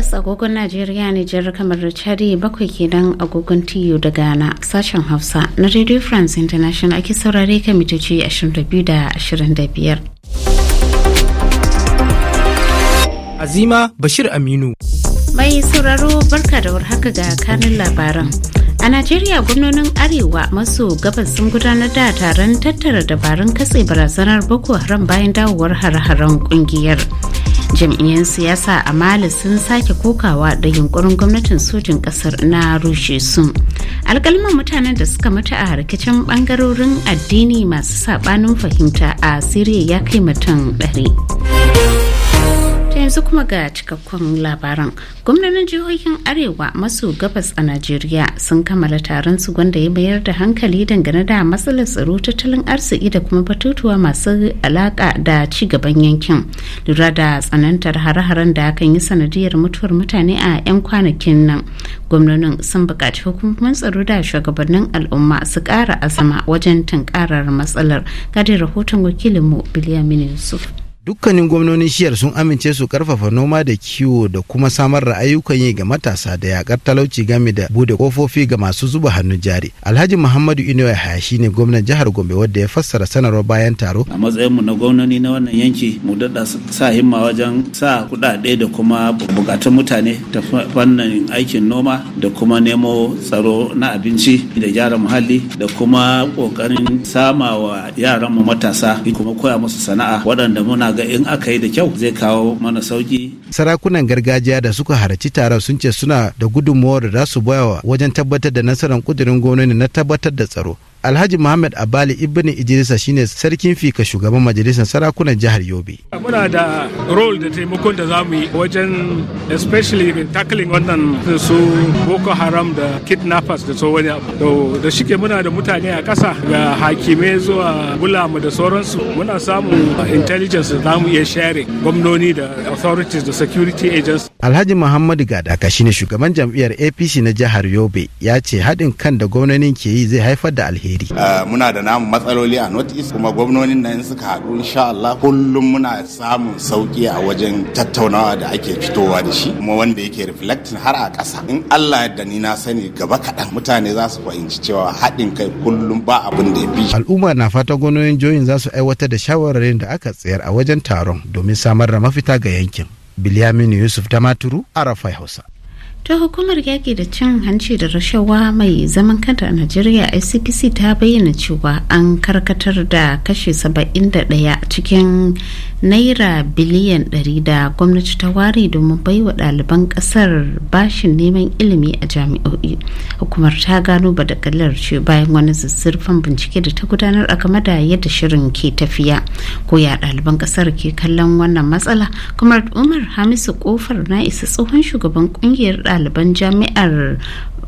takwas agogon Najeriya Nijar kamar cari Chadi bakwai kenan agogon tiyo da Ghana sashen Hausa na Radio France International ake saurare kan mitoci 22 25. Azima Bashir Aminu. Mai sauraro barka da warhaka ga kanin labaran. A Najeriya gwamnonin Arewa maso gabas sun gudanar da taron tattara dabarun katse barazanar Boko Haram bayan dawowar hare-haren kungiyar. jam'iyyar siyasa a mali sun sake kokawa da yunkurin gwamnatin sojin kasar na rushe su alkalman mutanen da suka mutu a rikicin bangarorin addini masu sabanin fahimta a siriya ya kai mutum 100 yanzu kuma ga cikakkun labaran gwamnanin jihohin arewa maso gabas a najeriya sun kammala taron su gwanda ya mayar da hankali dangane da matsalar tsaro tattalin arziki da kuma batutuwa masu alaka da ci gaban yankin lura da tsanantar hare-haren da kan yi sanadiyar mutuwar mutane a 'yan kwanakin nan gwamnonin sun buƙaci hukumomin tsaro da shugabannin al'umma su ƙara azama wajen tunkarar matsalar gadi rahoton wakilinmu biliyamin yusuf dukkanin gwamnonin shiyar sun amince su karfafa noma da kiwo da kuma samar da ayyukan yi ga matasa da yakar talauci game da bude kofofi ga masu zuba hannun jari alhaji muhammadu inuwa haya ne gwamnan jihar gombe wadda ya fassara sanarwar bayan taro a matsayin mu na gwamnoni na wannan yanki mu dada sa himma wajen sa kuɗaɗe da kuma bukatun mutane ta fannin aikin noma da kuma nemo tsaro na abinci da gyara muhalli da kuma ƙoƙarin sama wa yaran mu matasa kuma koya musu sana'a waɗanda muna ga in aka yi da kyau zai kawo mana sauki sarakunan gargajiya da suka halarci taron sun ce suna da gudunmuwar da za su bayawa wajen tabbatar da nasarar kudirin gwamnati na tabbatar da tsaro alhaji muhammad abali ibn idrisa shine sarkin fika shugaban majalisar sarakunan jihar yobe muna da role da taimakon da za mu yi wajen especially in tackling wannan su boko haram da kidnappers da so wani abu da shike muna da mutane a ƙasa ga hakimai zuwa bulama da sauransu muna samun intelligence da za mu iya share gwamnoni da authorities da security agents alhaji muhammad gadaka shine shugaban jam'iyyar apc na jihar yobe ya ce haɗin kan da gwamnonin ke yi zai haifar da alheri alheri. Eh, muna da namu matsaloli a North East kuma gwamnonin nan suka haɗu insha Allah kullum muna samun sauƙi a wajen tattaunawa da ake fitowa da shi kuma wanda yake reflecting har a ƙasa. In Allah ya ni na sani gaba kaɗan mutane za su fahimci cewa haɗin kai kullum ba abin da ya fi. Al'umma na fatan gwamnonin jihohin za su aiwatar da shawararin da aka tsayar a wajen taron domin samar da mafita ga yankin. Bilyamin Yusuf Tamaturu, Arafai Hausa. ta hukumar yaƙi da cin hanci da rashawa mai zaman kanta a najeriya icpc ta bayyana cewa an karkatar da kashe 71 cikin naira biliyan 100 da gwamnati ta ware domin baiwa ɗaliban ƙasar bashin neman ilimi a jami'o'i hukumar ta gano ba badakalar ce bayan wani zazzurfan bincike da ta gudanar a game da yadda shirin ke tafiya ko ya ɗaliban ƙasar ke kallon wannan matsala kuma umar hamisu kofar na isa tsohon shugaban ƙungiyar ɗaliban jami'ar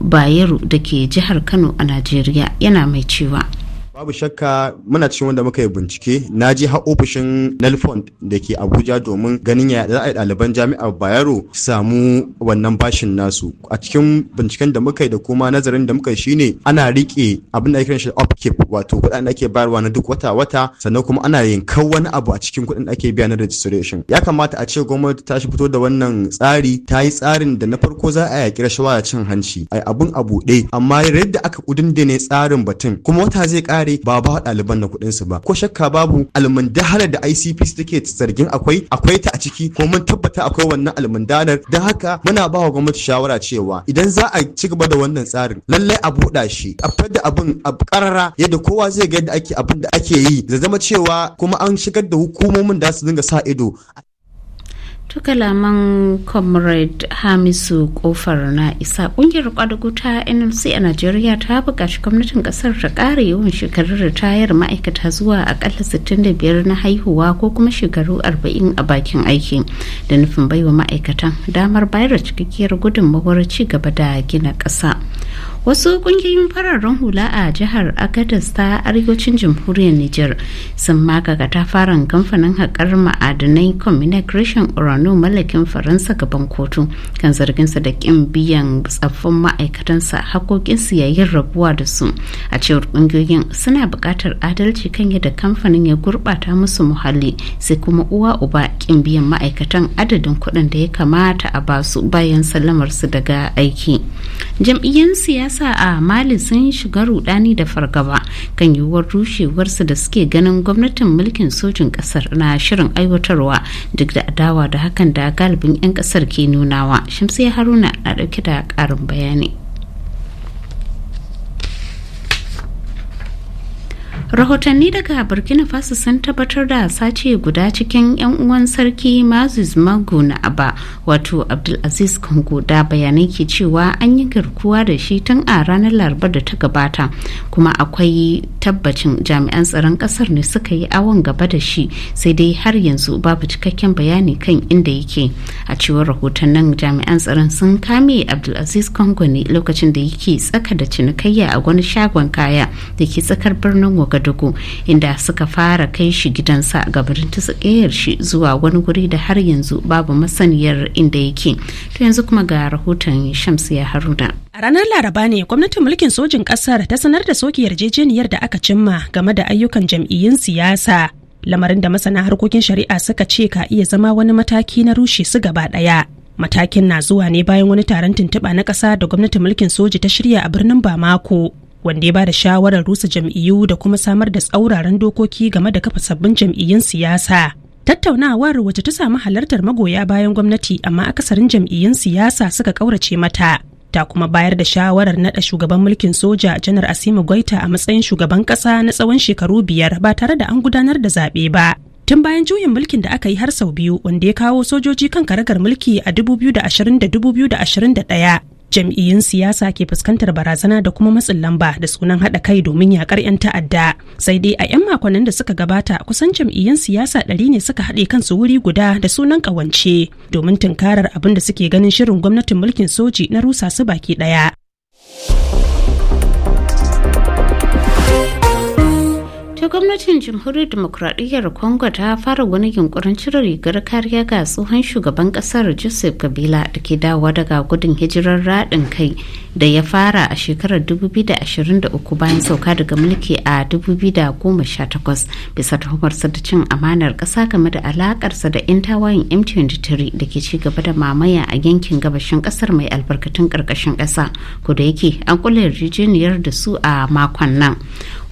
bayero da ke jihar kano a najeriya yana mai cewa babu shakka muna cikin wanda muka yi bincike na je har ofishin nelfond da ke abuja domin ganin ya za a yi ɗaliban jami'ar bayero samu wannan bashin nasu a cikin binciken da muka yi da kuma nazarin da muka yi shine ana riƙe abin da ake kiran shi upkeep wato kuɗin da ake bayarwa na duk wata wata sannan kuma ana yin yankar wani abu a cikin kuɗin da ake biya na registration ya kamata a ce gwamnati ta shi fito da wannan tsari ta yi tsarin da na farko za a yaƙi rashawa da cin hanci Ayi abin a buɗe amma yadda aka kudin ne tsarin batun kuma wata zai ƙare kare ba ba ɗaliban na kuɗin su ba ko shakka babu almundahar da icp take zargin akwai akwai ta a ciki ko mun tabbata akwai wannan almundanar dan haka muna ba wa gwamnati shawara cewa idan za a ci gaba da wannan tsarin lallai a buɗa shi a da abin a karara yadda kowa zai ga yadda ake abin da ake yi da zama cewa kuma an shigar da hukumomin da su dinga sa ido a To kalaman comrade hamisu kofar na isa kungiyar kwadugu ta nlc a najeriya ta buƙaci gwamnatin ƙasar ta ƙara yawan shekarun ritayar ma'aikata zuwa akalla 65 na haihuwa ko kuma shekaru 40 a bakin aiki da nufin baiwa ma'aikatan damar bayar da cikakkiyar gudunmawar ci gaba da gina ƙasa wasu kungiyoyin fararen hula a jihar agadas ta arewacin jamhuriyar niger sun maka katafaren kamfanin haƙar ma'adanai communication orano urano mallakin faransa gaban kotu kan zarginsa da ƙin biyan tsaffin ma'aikatansa haƙoƙinsu yayin rabuwa da su a cewar kungiyoyin suna buƙatar adalci kan yadda kamfanin ya gurɓata musu muhalli sai kuma uwa uba ƙin biyan ma'aikatan adadin kuɗin da ya kamata a basu bayan sallamarsu daga aiki jam'iyyar siyasa siyasa a mali sun shiga rudani da fargaba kan yiwuwar su da suke ganin gwamnatin mulkin sojin kasar na shirin aiwatarwa duk da adawa da hakan da galibin 'yan kasar ke nunawa shamsai haruna na dauke da karin bayani rahotanni daga burkina faso sun tabbatar da sace guda cikin 'yan uwan sarki mazis mago na aba wato abdulaziz kongo da bayanai ke cewa an yi garkuwa da shi tun a ranar larabar da ta gabata kuma akwai tabbacin jami'an tsaron kasar ne suka yi awon gaba da shi sai dai har yanzu babu cikakken bayani kan inda yake a cewar rahotannin jami'an tsaron sun kame abdulaziz kongo ne lokacin da yake tsaka da cinikayya a wani shagon kaya da ke tsakar birnin wagar wagadugu inda suka fara kai shi gidansa gabarin tsakiyar shi zuwa wani guri da har yanzu babu masaniyar inda yake to yanzu kuma ga rahoton shamsu ya haruna a ranar laraba ne gwamnatin mulkin sojin kasar ta sanar da soki yarjejeniyar da aka cimma game da ayyukan jam'iyyun siyasa lamarin da masana harkokin shari'a suka ce ka iya zama wani mataki na rushe su gaba ɗaya matakin na zuwa ne bayan wani taron tuntuɓa na ƙasa da gwamnatin mulkin soji ta shirya a birnin bamako wanda ya ba da shawarar rusa jam'iyyu da kuma samar da tsauraran dokoki game da kafa sabbin jam'iyyun siyasa tattaunawar wacce ta samu halartar magoya bayan gwamnati amma akasarin jam'iyyun siyasa suka ƙaurace mata ta kuma bayar da shawarar naɗa shugaban mulkin soja janar asima gwaita a matsayin shugaban ƙasa na tsawon shekaru biyar ba tare da an gudanar da zaɓe ba tun bayan juyin mulkin da aka yi har sau biyu wanda ya kawo sojoji kan karagar mulki a 2020 da 2021 jam'iyyun siyasa ke fuskantar barazana da kuma matsin lamba da sunan haɗa kai domin yakar 'yan ta'adda sai dai a 'yan makonnin da suka gabata kusan jam'iyyun siyasa ɗari ne suka haɗe kansu wuri guda da sunan ƙawance domin tunkarar abin da suke ganin shirin gwamnatin mulkin soji na rusa su baki ɗaya ta gwamnatin jamhuriyar demokuraɗiyyar congo ta fara wani yunkurin cire rigar kariya ga tsohon shugaban ƙasar joseph kabila da ke dawowa daga gudun hijirar raɗin kai da ya fara a shekarar 2023 bayan sauka daga mulki a 2018 bisa tuhumarsa da cin amanar ƙasa game da alakarsa da 'yan m23 da ke ci gaba da mamaya a yankin gabashin ƙasar mai albarkatun ƙarƙashin ƙasa ko da yake an kula da su a makon nan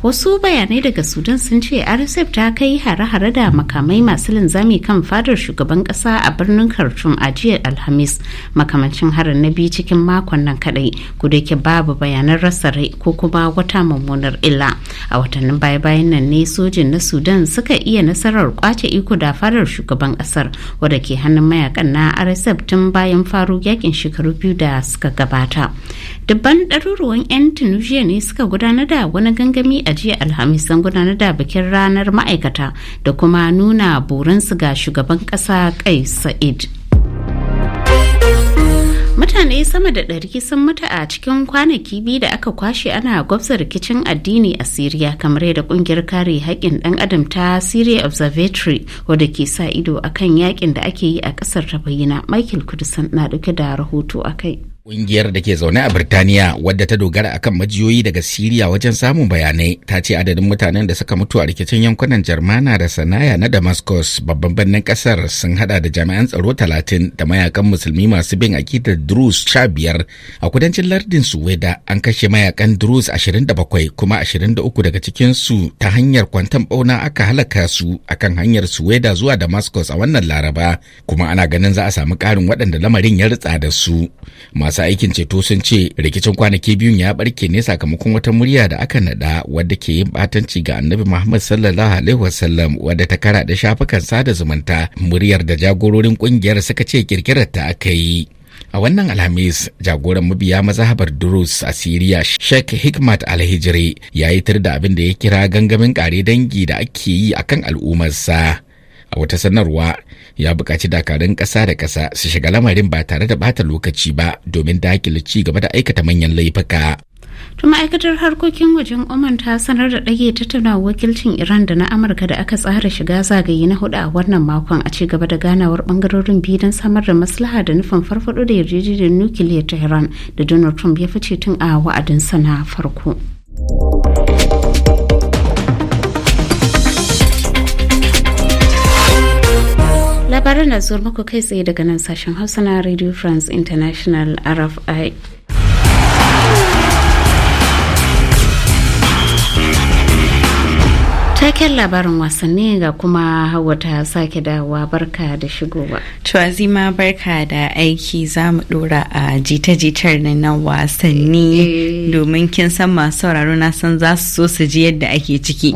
wasu bayanai daga sudan sun ce rsf ta kai hare-hare da makamai masu linzami kan fadar shugaban kasa a birnin khartoum a jiya alhamis makamancin harin na biyu cikin makon nan kadai kudake babu bayanan rasa rai ko kuma wata mummunar illa a watannin baya-bayan nan ne sojin na sudan suka iya nasarar kwace iko da fadar shugaban kasar wadda ke hannun mayakan na rsf tun bayan faru yakin shekaru biyu da suka gabata dubban ɗaruruwan 'yan tunisia ne suka gudanar da wani gangami a jiya alhamis sun gudanar da bikin ranar ma'aikata da kuma nuna burinsu ga shugaban kasa kai sa'id mutane sama da ɗari sun mutu a cikin kwanaki biyu da aka kwashe ana gwabza rikicin addini a siriya kamar yadda kungiyar kare haƙƙin ɗan adam ta syria observatory wadda ke sa ido akan yakin da ake yi a ƙasar ta bayyana michael kudusan na ɗauke da rahoto a kai Ƙungiyar da ke zaune a Birtaniya wadda ta dogara akan majiyoyi daga Siriya wajen samun bayanai ta ce adadin mutanen da suka mutu a rikicin yankunan Jarmana da Sanaya na Damascus babban birnin kasar sun hada da jami'an tsaro 30, da mayakan musulmi masu bin akidar Druze sha biyar a kudancin lardin Suweda an kashe mayakan Drus 27, kuma 23 daga cikin su ta hanyar kwantan bauna aka halaka su akan hanyar Suweda zuwa Damascus a wannan Laraba kuma ana ganin za a samu ƙarin waɗanda lamarin ya ritsa da su masu aikin ceto sun ce rikicin kwanaki biyun ya barke ne sakamakon wata murya da aka nada wadda ke yin batanci ga annabi muhammad sallallahu alaihi wasallam wadda ta kara da shafukan sada zumunta muryar da jagororin kungiyar suka ce kirkirar ta aka yi a wannan alhamis jagoran mabiya mazahabar durus a siriya sheikh hikmat alhijiri ya yi tir da abin da ya kira gangamin kare dangi da ake yi akan al'ummarsa a wata sanarwa ya buƙaci dakarun ƙasa da ƙasa su shiga lamarin ba tare da bata lokaci ba domin dakile ci gaba da aikata manyan laifuka. To ma'aikatar harkokin wajen Oman ta sanar da ɗage tattauna wakilcin Iran da na Amurka da aka tsara shiga zagaye na hudu a wannan makon a ci gaba da ganawar bangarorin biyu don samar da maslaha da nufin farfaɗo da yarjejeniyar nukiliyar Tehran da Donald Trump ya fice tun a wa'adinsa na farko. labaran na zuwa muku kai tsaye daga nan sashen hausa na radio france international rfi cikakken labarin wasanni ga kuma hawa ta sake dawowa barka da shigowa. Tuwazima barka da aiki za mu dora a jita-jitar na wasanni eh. domin kin san masu sauraro na san za su so su ji yadda ake ciki.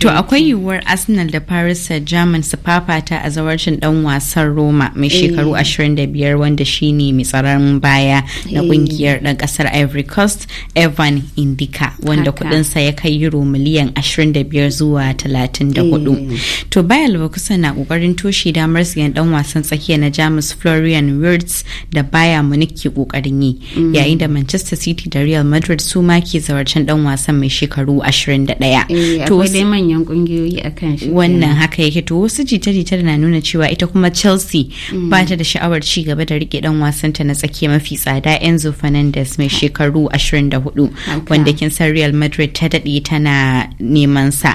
To akwai yiwuwar Arsenal da Paris Saint-Germain su fafata a zawarcin dan wasan Roma mai eh. shekaru 25 wanda shine mai tsaron baya na kungiyar eh. dan kasar Ivory Coast Evan indica wanda kudinsa ya kai euro miliyan 25 zuwa 34 eh. to baya leverkusen na kokarin toshe damar su siyan dan wasan tsakiya na jamus florian wirtz da baya munich ke kokarin yi mm. yayin da manchester city da real madrid su ma ke zawarcen dan wasan mai shekaru 21 eh, to sai manyan kungiyoyi akan shi wannan haka yake to wasu jita-jita na nuna cewa ita kuma chelsea mm. ba ta da sha'awar ci gaba da rike dan wasan ta na tsakiya mafi tsada enzo fernandez mai shekaru 24 wanda kin san real madrid ta dade tana neman sa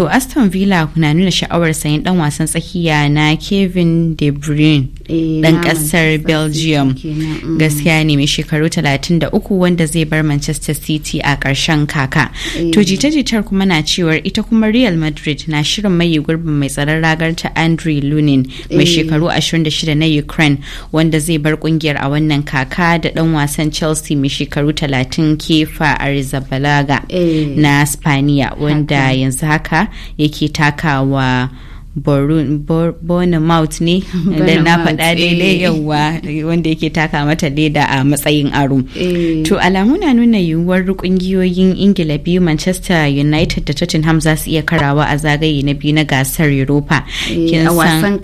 To Aston Villa na nuna sha'awar sayan dan wasan tsakiya na Kevin De Bruyne Eh, dan kasar belgium mm. gaskiya ne mai shekaru 33 wanda zai bar manchester city a karshen kaka to eh. jita-jitar kuma na cewar ita kuma real madrid na shirin mai gurbin mai tsaron ragar ta andre lunin mai eh. shekaru 26 na ukraine wanda zai bar kungiyar a wannan kaka da dan wasan chelsea mai shekaru 30 kefa arizabalaga na spaniya wanda yanzu haka yake takawa Bournemouth ne da na faɗa daidai eh. yawa wanda yake taka mata leda a matsayin aro. Eh. To alamu na nuna yiwuwar kungiyoyin Ingila biyu Manchester United da Tottenham za su iya karawa a zagaye na biyu na gasar Europa. Eh, a wasan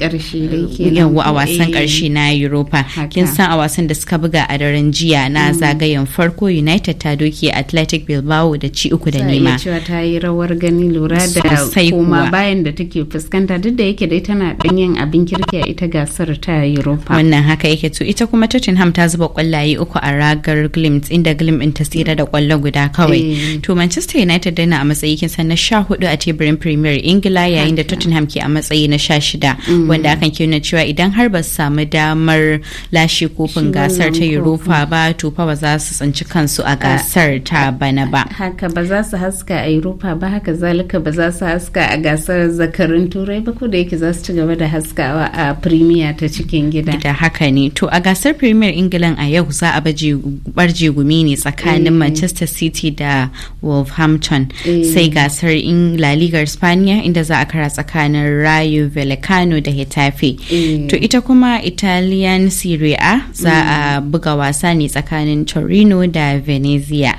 ƙarshe na Europa. Kin san a wasan da suka buga a daren jiya na mm. zagayen farko United ta doke Athletic Bilbao da ci uku da nema. Ta yi rawar gani lura da koma bayan da take fuskanta duk da yake dai tana dan yin abin kirki a ita gasar ta Europa. Wannan haka yake to ita kuma Tottenham ta zuba kwallaye uku a ragar Glimt inda Glimt din ta tsira da kwallo guda kawai. Eh. To Manchester United dai na a matsayi kin san na 14 a teburin Premier Ingila yayin da Tottenham ke a matsayi na 16 mm. wanda hakan ke nuna cewa idan har ba su samu damar lashe kofin gasar ta Europa ba to fa ba za su tsinci kansu a gasar ta bana ba. Haka ba za su haska a Europa ba haka zalika ba za su haska a gasar zakarin Turai ba ko da yake za su ci gaba da haskawa a premier ta cikin gida da haka ne to a gasar premier england a yau za a barje gumi ne tsakanin eh. manchester city da wolverhampton eh. sai gasar la Liga spaniya inda za a kara tsakanin rayo vallecano da hetafe eh. to ita kuma italian serie a za mm. a buga wasa ne tsakanin torino da venezia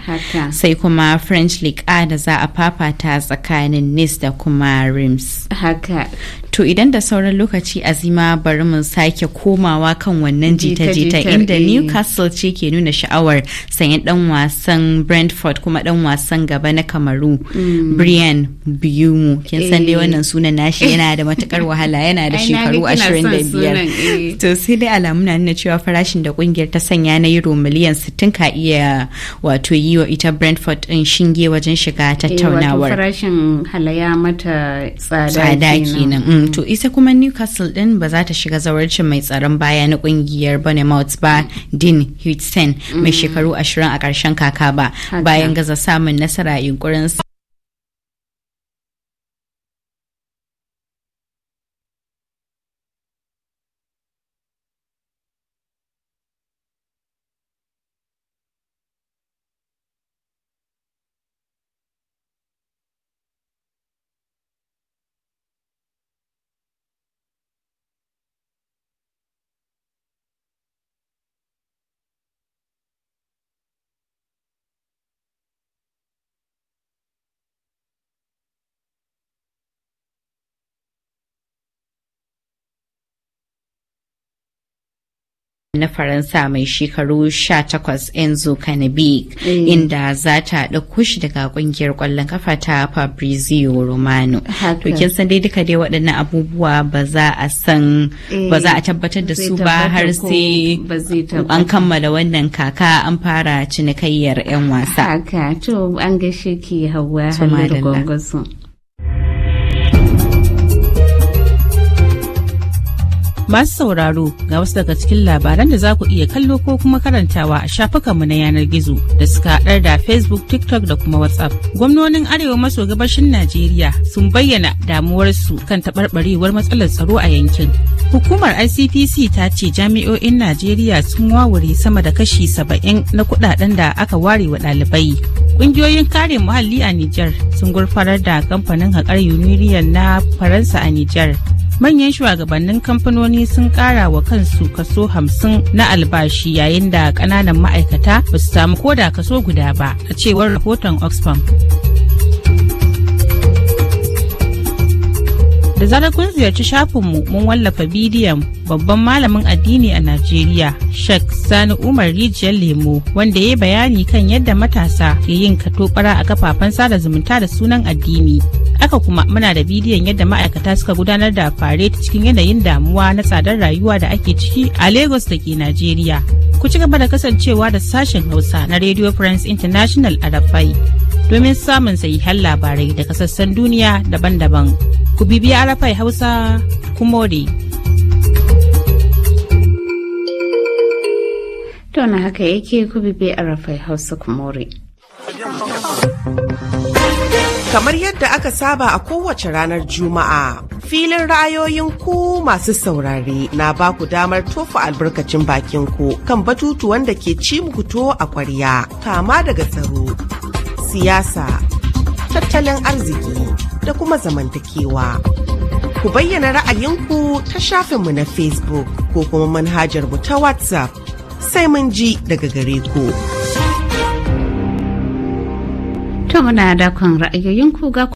sai kuma french league a da za a fafata tsakanin nice da kuma rims haka to idan da sauran lokaci azima bari mu sake komawa kan wannan jita-jita inda eh. newcastle ce ke nuna sha'awar sanyin dan wasan brentford kuma dan wasan gaba na kamaru mm. brian biyumu kin san dai eh. wannan sunan nashi yana da matukar wahala yana da shekaru 25 eh. to sai dai alamu na nuna cewa farashin da kungiyar ta sanya na euro miliyan 60 ka iya wato yi wa ita brentford din shinge wajen shiga tattaunawar farashin halaya mata tsada kenan mm-hmm. mm, to Isa kuma newcastle din ba za ta shiga zawarcin mai tsaron baya na kungiyar bournemouth ba dean hudson mai mm. shekaru ashirin a karshen kaka ba bayan gaza samun nasara yunkurin na faransa mai shekaru 18 enzo kanabik mm. inda za ta ɗauko shi daga ƙungiyar kwallon kafa ta fabrizio romano to kin san dai duka dai waɗannan abubuwa ba za a san eh, ba za a tabbatar da su ba har sai an kammala wannan kaka an fara cinikayyar 'yan wasa haka to Masu sauraro ga wasu daga cikin labaran da za ku iya kallo ko kuma karantawa a shafukanmu na yanar gizo da suka haɗar da Facebook, TikTok da kuma WhatsApp. Gwamnonin Arewa maso gabashin Najeriya sun bayyana damuwarsu kan taɓarɓarewar matsalar tsaro a yankin. Hukumar ICPC ta ce jami'o'in Najeriya sun wawure sama da kashi saba'in na kuɗaɗen da aka ware wa ɗalibai. Ƙungiyoyin kare muhalli a Nijar sun gurfanar da kamfanin haƙar Uniriyan na Faransa a Nijar manyan shugabannin kamfanoni sun kara wa kansu kaso hamsin na albashi yayin da ƙananan ma'aikata ba su samu koda kaso guda ba a cewar rahoton oxfam Da zarar kun ziyarci shafinmu mun wallafa bidiyon babban malamin addini a Najeriya, Sheikh Sani Umar Rijiyar Lemo, wanda ya yi bayani kan yadda matasa ke yin katobara a kafafen sada zumunta da sunan addini. Aka kuma muna da bidiyon yadda ma'aikata suka gudanar da fare cikin yanayin damuwa na tsadar rayuwa da ake ciki a Lagos da ke Najeriya. Ku ci gaba da kasancewa da sashen Hausa na Radio France International a Rafai. domin samun sahihan labarai daga sassan duniya daban-daban. Ku bibiya Arafai Hausa Kumore. Tona haka yake ku bibiya Arafai Hausa Kumore. Kamar yadda aka saba a kowace ranar Juma'a, filin ra'ayoyin ku masu saurare na ba ku damar tofa albarkacin bakin ku kan batutuwan da ke ci a kwarya, kama daga tsaro, siyasa, tattalin arziki da kuma zamantakewa. Ku bayyana ra'ayinku ta shafinmu na Facebook ko kuma manhajar mu ta WhatsApp sai mun ji daga gare ku. To muna kan ra'ayoyinku ga